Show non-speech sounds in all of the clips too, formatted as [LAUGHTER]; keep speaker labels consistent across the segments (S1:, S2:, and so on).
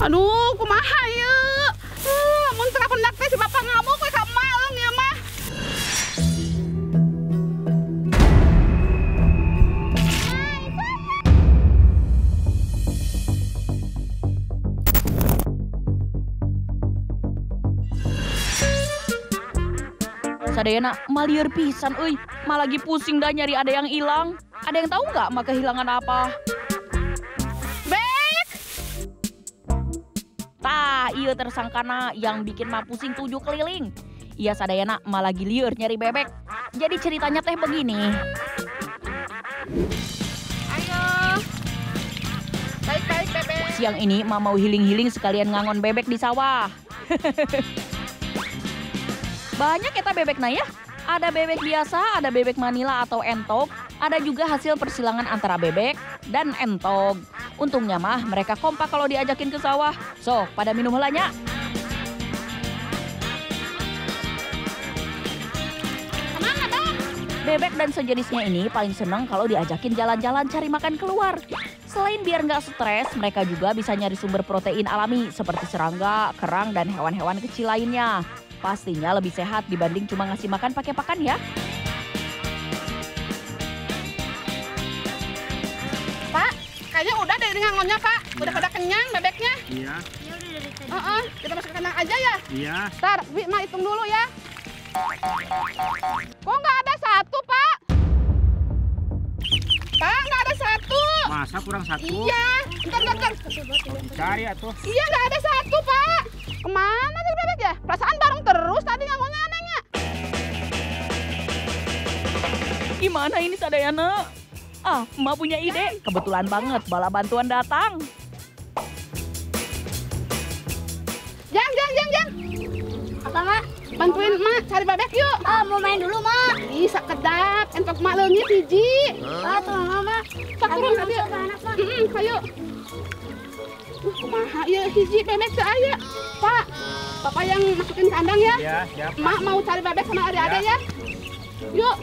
S1: aduh kumaha ya uh, mun nanti si bapak ngamuk we ka maung ya mah
S2: Sadayana maliar pisan euy, malah lagi pusing dah nyari ada yang hilang. Ada yang tahu nggak mah kehilangan apa? tah iya tersangkana yang bikin mah pusing tujuh keliling iya sadayana malah giliur nyari bebek jadi ceritanya teh begini ayo baik baik bebek siang ini mama mau healing-healing sekalian ngangon bebek di sawah [LAUGHS] banyak kita bebek nah ya ada bebek biasa, ada bebek Manila atau entok, ada juga hasil persilangan antara bebek dan entok. Untungnya mah mereka kompak kalau diajakin ke sawah. So, pada minum helanya. Bebek dan sejenisnya ini paling senang kalau diajakin jalan-jalan cari makan keluar. Selain biar nggak stres, mereka juga bisa nyari sumber protein alami seperti serangga, kerang, dan hewan-hewan kecil lainnya. Pastinya lebih sehat dibanding cuma ngasih makan pakai pakan ya.
S1: Pak, kayaknya udah ini hangonnya Pak. ya. Udah pada kenyang bebeknya. Iya. ya, Uh -uh. Kita masuk ke kandang aja ya. Iya. Ntar, Wi, Ma hitung dulu ya. Kok nggak ada satu Pak? Pak, nggak ada satu. Masa kurang satu? Iya. Ntar, ntar, ntar. Cari atuh. Iya, nggak ada satu Pak. Kemana tuh bebek ya? Perasaan bareng terus tadi ngomongnya anehnya.
S2: Gimana ini Sadayana? Ah, Mbak punya ide. Kebetulan banget bala bantuan datang. Jang, jang, jang,
S1: jang. Apa, Mak? Bantuin Mak cari bebek yuk. Ah, mau main dulu, Mak. Bisa kedap. Entok Mak leungit hiji. Ah, tolong Mak. Pak turun tadi. Heeh, kayu. Uh, kumaha ya hiji bebek teu aya. Pak, Bapak yang masukin kandang ya. Iya, siap. Mak mau cari bebek sama adik-adik ya. ya. Yuk.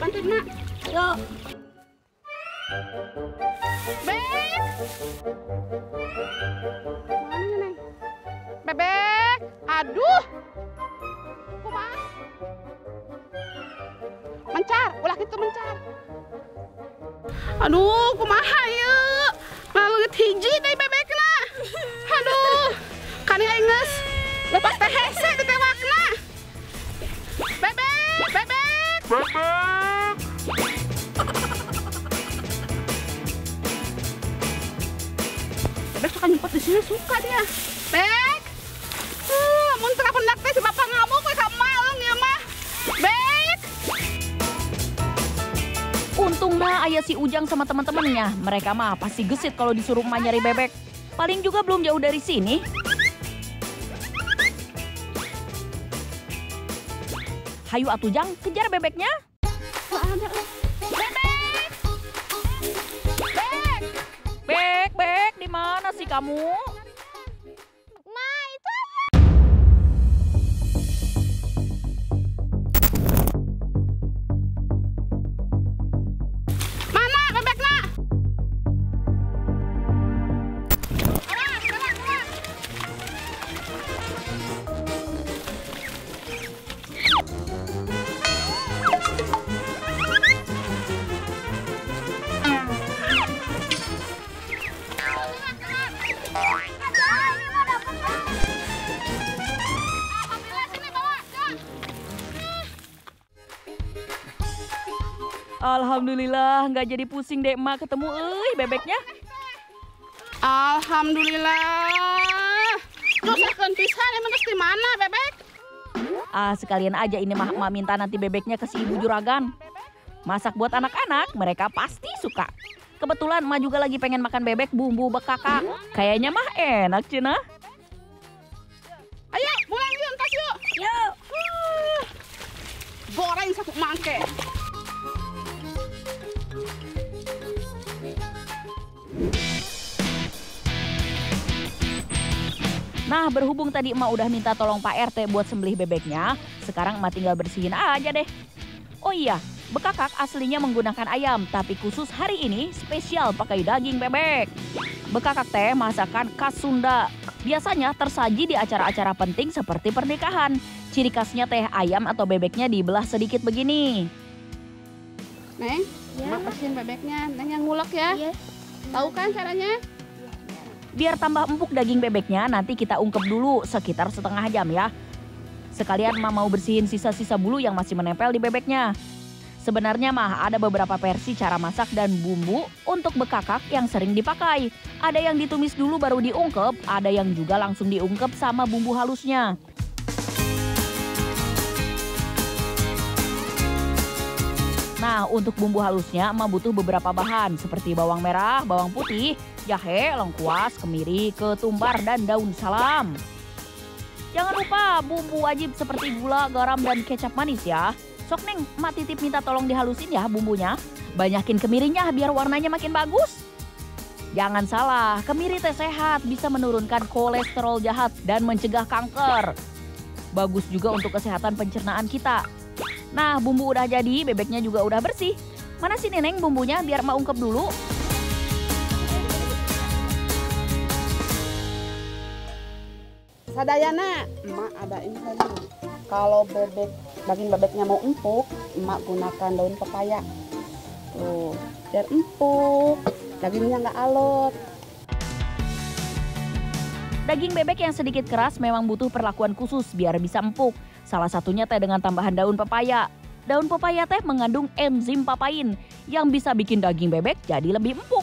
S1: Bantuin Mak. Yuk. Bebek. Mana Neng? Bebek. Aduh. Kumaha? Mencar, ulah itu mencar. Aduh, kumaha ya? malu hiji deh bebek lah. Aduh, kan enges. Lepas teh hese. Dia suka dia. Bek. Uh, mun terapun teh bapak ngamuk we ka ya mah. Bek.
S2: Untung mah ayah si Ujang sama teman-temannya. Mereka mah pasti gesit kalau disuruh mah nyari bebek. Paling juga belum jauh dari sini. Hayu atujang kejar bebeknya. ada, ada. mana sih kamu? Alhamdulillah nggak jadi pusing deh emak ketemu eh bebeknya. Alhamdulillah. Terus akan pisan emang di mana bebek? Ah sekalian aja ini mah mak minta nanti bebeknya ke si ibu juragan. Masak buat anak-anak mereka pasti suka. Kebetulan emak juga lagi pengen makan bebek bumbu bekakak. Kayaknya mah enak Cina.
S1: Ayo, mulai yuk, tas yuk. Yuk. Goreng satu mangkuk.
S2: berhubung tadi emak udah minta tolong Pak RT buat sembelih bebeknya, sekarang emak tinggal bersihin aja deh. Oh iya, Bekakak aslinya menggunakan ayam, tapi khusus hari ini spesial pakai daging bebek. Bekakak teh masakan khas Sunda. Biasanya tersaji di acara-acara penting seperti pernikahan. Ciri khasnya teh ayam atau bebeknya dibelah sedikit begini.
S1: Neng, ya. mak bersihin bebeknya. Neng yang ngulek ya. Iya. Tahu kan
S2: caranya? Biar tambah empuk daging bebeknya, nanti kita ungkep dulu sekitar setengah jam ya. Sekalian mah mau bersihin sisa-sisa bulu yang masih menempel di bebeknya. Sebenarnya mah ada beberapa versi cara masak dan bumbu untuk bekakak yang sering dipakai. Ada yang ditumis dulu baru diungkep, ada yang juga langsung diungkep sama bumbu halusnya. Nah, untuk bumbu halusnya emak butuh beberapa bahan seperti bawang merah, bawang putih, jahe, lengkuas, kemiri, ketumbar, dan daun salam. Jangan lupa bumbu wajib seperti gula, garam, dan kecap manis ya. Sok Neng, Mak titip minta tolong dihalusin ya bumbunya. Banyakin kemirinya biar warnanya makin bagus. Jangan salah, kemiri teh sehat bisa menurunkan kolesterol jahat dan mencegah kanker. Bagus juga untuk kesehatan pencernaan kita. Nah, bumbu udah jadi, bebeknya juga udah bersih. Mana sih Neneng bumbunya biar mau ungkep dulu. sadayana
S1: emak ada lagi kalau bebek bagian bebeknya mau empuk emak gunakan daun pepaya tuh biar empuk dagingnya nggak alot
S2: Daging bebek yang sedikit keras memang butuh perlakuan khusus biar bisa empuk. Salah satunya teh dengan tambahan daun pepaya. Daun pepaya teh mengandung enzim papain yang bisa bikin daging bebek jadi lebih empuk.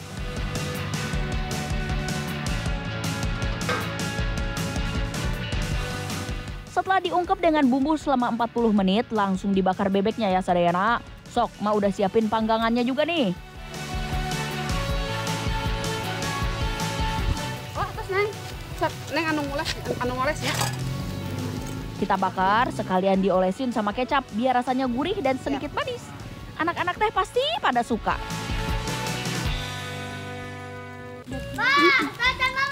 S2: Setelah diungkep dengan bumbu selama 40 menit, langsung dibakar bebeknya ya Sarena. Sok, mau udah siapin panggangannya juga nih.
S1: Oh, terus Neng. Neng anu ngoles, anu ngoles ya.
S2: Kita bakar, sekalian diolesin sama kecap biar rasanya gurih dan sedikit ya. manis. Anak-anak teh pasti pada suka.
S1: Pak,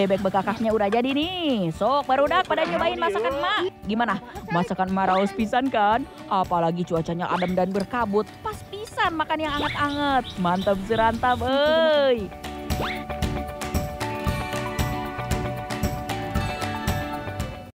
S2: bebek bekakaknya udah jadi nih. Sok baru dak pada nyobain masakan emak. Gimana? Masakan emak raus pisan kan? Apalagi cuacanya adem dan berkabut. Pas pisan makan yang anget-anget. Mantap serantap, eh.